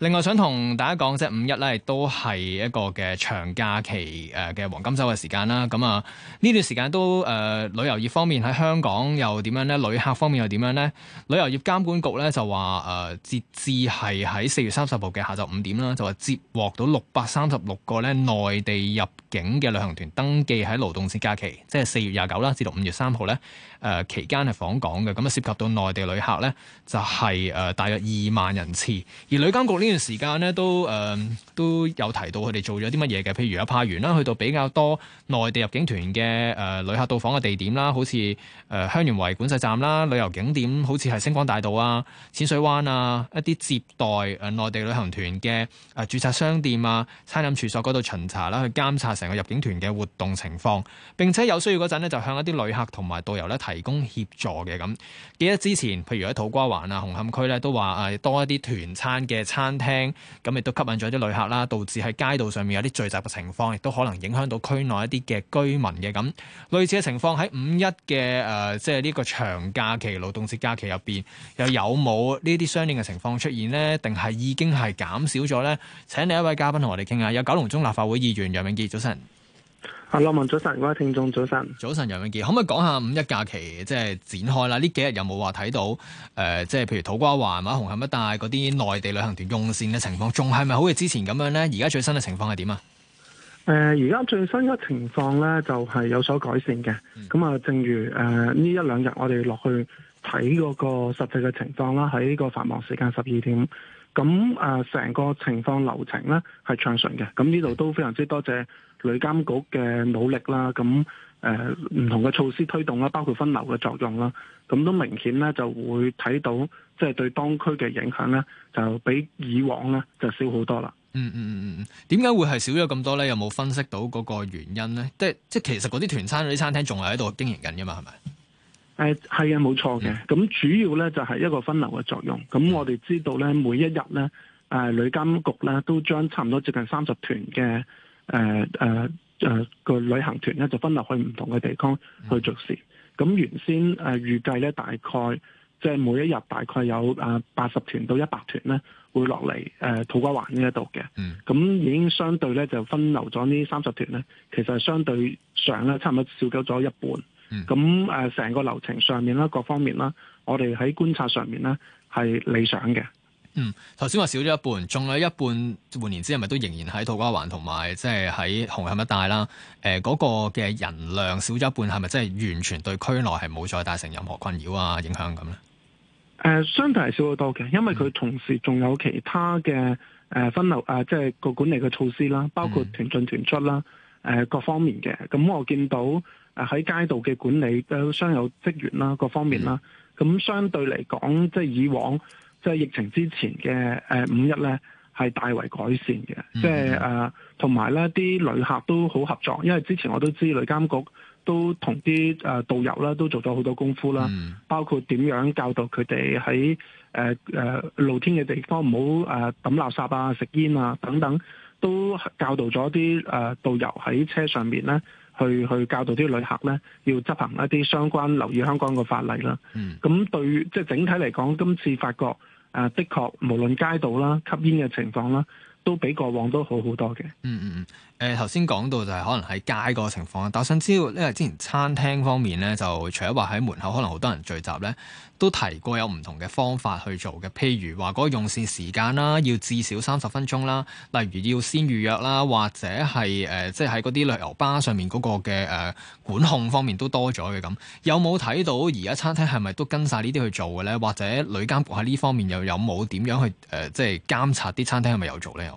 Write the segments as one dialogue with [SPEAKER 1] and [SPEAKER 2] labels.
[SPEAKER 1] 另外想同大家講，即係五一咧，都係一個嘅長假期誒嘅黃金周嘅時間啦。咁啊，呢段時間都誒、呃、旅遊業方面喺香港又點樣咧？旅客方面又點樣咧？旅遊業監管局咧就話誒、呃、截至係喺四月三十號嘅下晝五點啦，就話接獲到六百三十六個咧內地入境嘅旅行團登記喺勞動節假期，即係四月廿九啦至到五月三號咧誒期間係訪港嘅。咁啊涉及到內地旅客咧，就係、是、誒、呃、大約二萬人次。而旅監局呢？呢段時間咧都誒、呃、都有提到佢哋做咗啲乜嘢嘅，譬如阿派員啦，去到比較多內地入境團嘅誒旅客到訪嘅地點啦，好似誒、呃、香園圍管制站啦、旅遊景點，好似係星光大道啊、淺水灣啊一啲接待誒呃、內地旅行團嘅誒註冊商店啊、餐飲處所嗰度巡查啦，去監察成個入境團嘅活動情況，並且有需要嗰陣咧就向一啲旅客同埋導遊咧提供協助嘅咁。記得之前譬如喺土瓜灣啊、紅磡區咧都話誒多一啲團餐嘅餐。聽咁亦都吸引咗啲旅客啦，導致喺街道上面有啲聚集嘅情況，亦都可能影響到區內一啲嘅居民嘅咁類似嘅情況喺五一嘅誒，即係呢個長假期勞動節假期入邊，又有冇呢啲相應嘅情況出現呢？定係已經係減少咗呢？請你一位嘉賓同我哋傾下，有九龍中立法會議員楊永杰早晨。阿網民早晨，各位聽眾早晨。早晨楊永杰，可唔可以講下五一假期即係展開啦？呢幾日有冇話睇到誒，即、呃、係譬如土瓜灣啊、紅磡一帶嗰啲內地旅行團用膳嘅情況，仲係咪好似之前咁樣咧？而家最新嘅情況係點啊？
[SPEAKER 2] 誒、呃，而家最新嘅情況咧就係、是、有所改善嘅。咁、嗯、啊，正如誒呢、呃、一兩日我哋落去睇嗰個實際嘅情況啦，喺呢個繁忙時間十二點。咁成個情況流程咧係暢順嘅。咁呢度都非常之多謝旅監局嘅努力啦。咁、呃、唔同嘅措施推動啦，包括分流嘅作用啦，咁都明顯咧就會睇到，即係對當區嘅影響咧就比以往咧就少好多啦。嗯
[SPEAKER 1] 嗯嗯嗯，點解會係少咗咁多咧？有冇分析到嗰個原因咧？即係即係其實嗰啲團餐嗰啲餐廳仲係喺度經營緊㗎嘛？係咪？
[SPEAKER 2] 誒係啊，冇錯嘅。咁、嗯、主要咧就係一個分流嘅作用。咁我哋知道咧，每一日咧，誒、呃、旅監局咧，都將差唔多接近三十團嘅誒誒誒個旅行團咧，就分流去唔同嘅地方去做事。咁、嗯、原先誒預計咧，大概即係、就是、每一日大概有誒八十團到一百團咧，會落嚟誒土瓜灣呢一度嘅。咁、嗯、已經相對咧，就分流咗呢三十團咧，其實相對上咧，差唔多少咗咗一半。咁、嗯、誒，成個流程上面啦、嗯呃、那個呃呃呃，各方面啦，我哋喺觀察上面咧係理想嘅。嗯，
[SPEAKER 1] 頭先話少咗一半，仲有一半換言之，係咪都仍然喺土瓜灣同埋即係喺紅磡一帶啦？誒，嗰個嘅人量少咗一半，係咪真係完全對區內係冇再帶成任何困擾啊影響咁咧？
[SPEAKER 2] 誒，相對係少好多嘅，因為佢同時仲有其他嘅誒分流誒，即係個管理嘅措施啦，包括團進團出啦，誒，各方面嘅。咁我見到。喺街道嘅管理都商有職員啦，各方面啦，咁、嗯、相對嚟講，即係以往即係疫情之前嘅誒五一咧，係大為改善嘅、嗯。即係誒，同埋咧，啲旅客都好合作，因為之前我都知旅監局都同啲誒導遊啦，都做咗好多功夫啦、嗯，包括點樣教導佢哋喺誒誒露天嘅地方唔好誒抌垃圾啊、食煙啊等等，都教導咗啲誒導遊喺車上面咧。去去教導啲旅客咧，要執行一啲相關留意香港嘅法例啦。嗯，咁對，即係整體嚟講，今次發覺誒，的確無論街道啦、吸煙嘅情況啦，都比過往都好好多嘅。嗯
[SPEAKER 1] 嗯嗯。誒頭先講到就係可能喺街個情況，但我想知道因為之前餐廳方面咧，就除咗話喺門口可能好多人聚集咧，都提過有唔同嘅方法去做嘅，譬如話嗰用膳時間啦，要至少三十分鐘啦，例如要先預約啦，或者係即係喺嗰啲旅遊巴上面嗰個嘅、呃、管控方面都多咗嘅咁，有冇睇到而家餐廳係咪都跟晒呢啲去做嘅咧？或者旅監局喺呢方面又有冇點樣去即係、呃就是、監察
[SPEAKER 2] 啲餐廳係咪有做咧？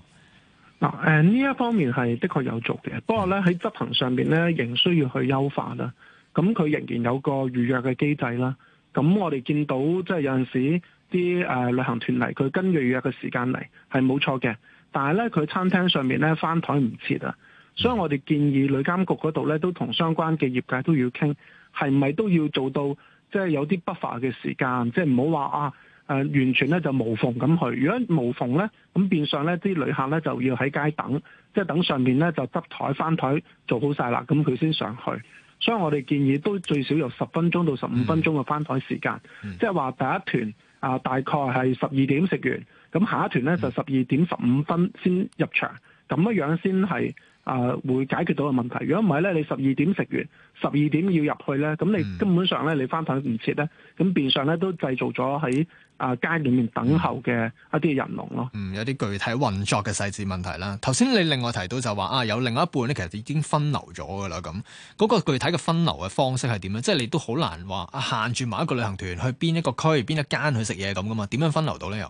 [SPEAKER 2] 嗱，誒呢一方面係的確有做嘅，不過咧喺執行上面咧仍需要去優化啦。咁佢仍然有個預約嘅機制啦。咁我哋見到即係有陣時啲誒旅行團嚟，佢跟預約嘅時間嚟係冇錯嘅，但係咧佢餐廳上面咧翻台唔切啊。所以我哋建議旅監局嗰度咧都同相關嘅業界都要傾，係咪都要做到即係有啲不法嘅時間，即係唔好話啊。誒、呃、完全咧就無縫咁去，如果無縫咧，咁變相咧啲旅客咧就要喺街等，即係等上面咧就執台翻台做好晒啦，咁佢先上去。所以我哋建議都最少有十分鐘到十五分鐘嘅翻台時間，嗯、即係話第一團啊、呃、大概係十二點食完，咁下一團咧、嗯、就十二點十五分先入場，咁樣先係。啊、呃，會解決到嘅問題。如果唔係咧，你十二點食完，十二點要入去咧，咁你根本上咧你翻返唔切咧，咁變相咧都製造咗喺啊街裏面等候嘅一啲人龍咯。嗯，
[SPEAKER 1] 有啲具體運作嘅細節問題啦。頭先你另外提到就話啊，有另外一半咧，其實已經分流咗㗎啦。咁、那、嗰個具體嘅分流嘅方式係點樣？即、就、係、是、你都好難話、啊、限住某一個旅行團去邊一個區、邊一間去食嘢咁㗎嘛？點樣分流到咧又？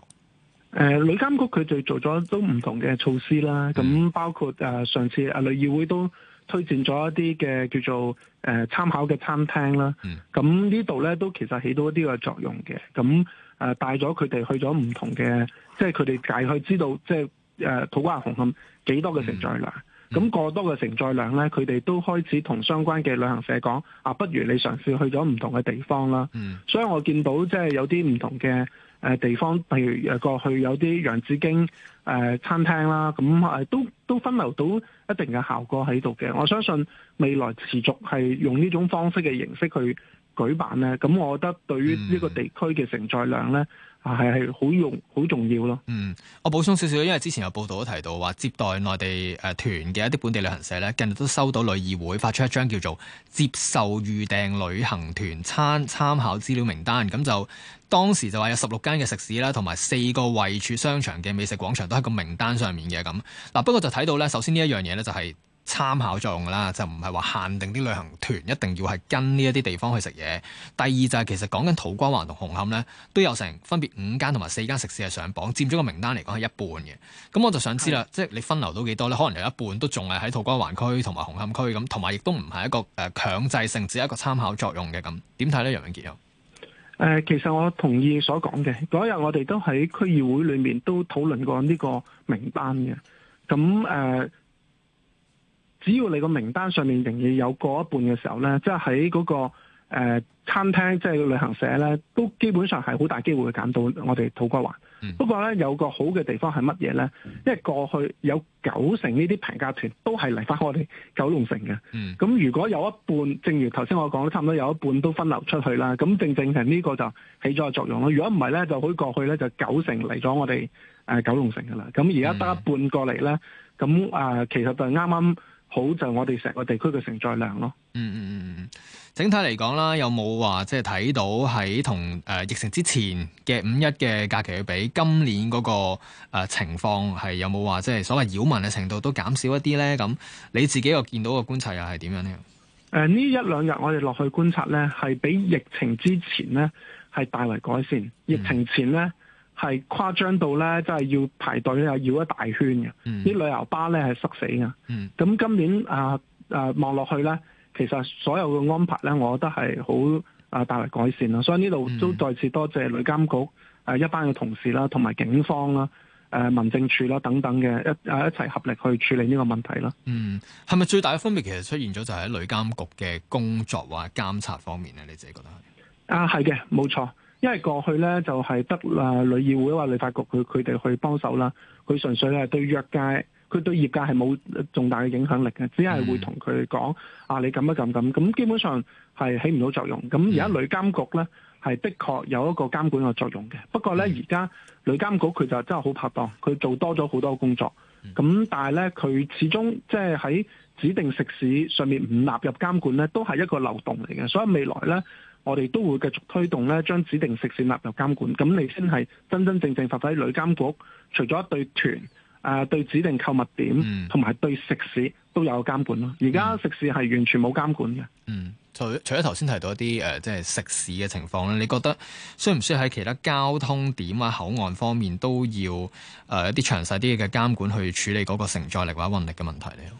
[SPEAKER 2] 誒、呃、旅監局佢就做咗都唔同嘅措施啦，咁、嗯、包括誒、呃、上次啊旅議會都推薦咗一啲嘅叫做誒、呃、參考嘅餐廳啦，咁、嗯、呢度咧都其實起到一啲嘅作用嘅，咁誒、呃、帶咗佢哋去咗唔同嘅，即係佢哋大概知道即係誒土瓜灣紅磡幾多嘅承載量，咁、嗯、過多嘅承載量咧，佢哋都開始同相關嘅旅行社講，啊不如你嘗試去咗唔同嘅地方啦、嗯，所以我見到即係有啲唔同嘅。誒地方，譬如誒過去有啲楊子京誒、呃、餐廳啦，咁誒都都分流到一定嘅效果喺度嘅。我相信未來持續係用呢種方式嘅形式去舉辦咧，咁我覺得對於呢個地區嘅承載量咧。啊，係係好重好重要咯。嗯，我補充
[SPEAKER 1] 少少，因為之前有報道都提到話接待內地誒團嘅一啲本地旅行社咧，近日都收到旅議會發出一張叫做接受預訂旅行團餐參考資料名單。咁就當時就話有十六間嘅食肆啦，同埋四個位處商場嘅美食廣場都喺個名單上面嘅咁。嗱，不過就睇到咧，首先呢一樣嘢咧就係、是。參考作用啦，就唔係話限定啲旅行團一定要係跟呢一啲地方去食嘢。第二就係、是、其實講緊土瓜灣同紅磡呢，都有成分別五間同埋四間食肆係上榜，佔咗個名單嚟講係一半嘅。咁我就想知啦，即係你分流到幾多呢？可能有一半都仲係喺土瓜灣區同埋紅磡區咁，同埋亦都唔係一個誒強制性，只係一個參考作用嘅咁。點睇呢？楊永杰啊？
[SPEAKER 2] 誒、呃，其實我同意所講嘅。嗰日我哋都喺區議會裏面都討論過呢個名單嘅。咁誒。呃只要你個名單上面仍然有過一半嘅時候咧，即係喺嗰個、呃、餐廳，即、就、係、是、旅行社咧，都基本上係好大機會揀到我哋土瓜灣、嗯。不過咧，有個好嘅地方係乜嘢咧？因為過去有九成呢啲平價團都係嚟返我哋九龍城嘅。咁、嗯、如果有一半，正如頭先我講，差唔多有一半都分流出去啦。咁正正係呢個就起咗個作用咯。如果唔係咧，就可以過去咧，就九成嚟咗我哋、呃、九龍城噶啦。咁而家得一半過嚟咧，咁、嗯呃、其實就啱啱。好就我哋成個地區嘅承載量咯。嗯嗯嗯嗯，
[SPEAKER 1] 整體嚟講啦，有冇話即係睇到喺同誒疫情之前嘅五一嘅假期去，比今年嗰個誒情況係有冇話即係所謂擾民嘅程度都減少一啲咧？咁你自己又見到個觀察又係點樣咧？
[SPEAKER 2] 誒，呢、呃、一兩日我哋落去觀察咧，係比疫情之前咧係大為改善。嗯、疫情前咧。係誇張到咧，即係要排隊咧，繞一大圈嘅。啲、嗯、旅遊巴咧係塞死嘅。咁、嗯、今年啊啊望落去咧，其實所有嘅安排咧，我覺得係好啊大力改善啦。所以呢度都再次多謝旅監局啊一班嘅同事啦，同埋警方啦、誒、呃、民政處啦等等嘅一啊一齊合力去處理呢個問題啦。嗯，
[SPEAKER 1] 係咪最大嘅分別其實出現咗就係喺旅監局嘅工作或監察方面咧？你自己覺得係？
[SPEAKER 2] 啊，係嘅，冇錯。因為過去咧就係得啊旅議會或旅發局佢佢哋去幫手啦，佢純粹咧對，對業界，佢對業界係冇重大嘅影響力嘅，只係會同佢講啊你咁一咁咁，咁基本上係起唔到作用。咁而家旅監局咧係的確有一個監管嘅作用嘅，不過咧而家旅監局佢就真係好拍檔，佢做多咗好多工作，咁但係咧佢始終即係喺指定食肆上面唔納入監管咧，都係一個漏洞嚟嘅，所以未來咧。我哋都會繼續推動咧，將指定食肆納入監管，咁你先係真真正正發揮旅監局，除咗對團，誒、呃、對指定購物點，同、嗯、埋對食肆都有監管咯。而家食肆係完全冇監管嘅。嗯，
[SPEAKER 1] 除除咗頭先提到一啲誒、呃，即係食肆嘅情況咧，你覺得需唔需要喺其他交通點啊、口岸方面都要誒一啲詳細啲嘅監管去處理嗰個承載力或者運力嘅問題咧？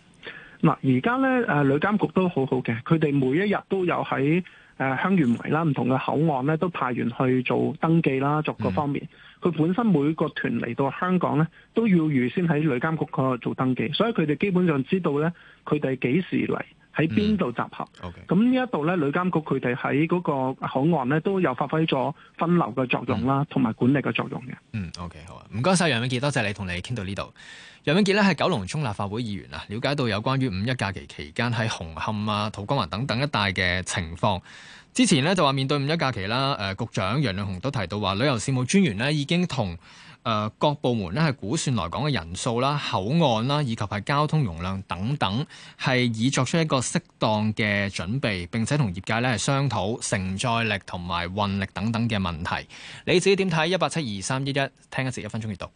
[SPEAKER 2] 嗱，而家咧誒旅監局都很好好嘅，佢哋每一日都有喺。誒，香園圍啦，唔同嘅口岸咧，都派員去做登記啦，作各方面。佢、嗯、本身每個團嚟到香港咧，都要預先喺旅監局嗰度做登記，所以佢哋基本上知道咧，佢哋幾時嚟。喺邊度集合？咁、嗯 okay，呢一度咧，旅監局佢哋喺嗰個口岸咧，都有發揮咗分流嘅作用啦，同、嗯、埋管理嘅作用嘅。嗯
[SPEAKER 1] ，OK，好啊，唔該晒，楊永杰，多謝你同你傾到呢度。楊永杰咧係九龍中立法會議員啊，了解到有關於五一假期期間喺紅磡啊、土瓜灣等等一帶嘅情況。之前咧就話面對五一假期啦，局長楊潤雄都提到話，旅遊事務專員呢已經同各部門呢係估算來港嘅人數啦、口岸啦以及係交通容量等等係已作出一個適當嘅準備，並且同業界呢係商討承載力同埋運力等等嘅問題。你自己點睇？一八七二三一一，聽一節一分鐘閱讀。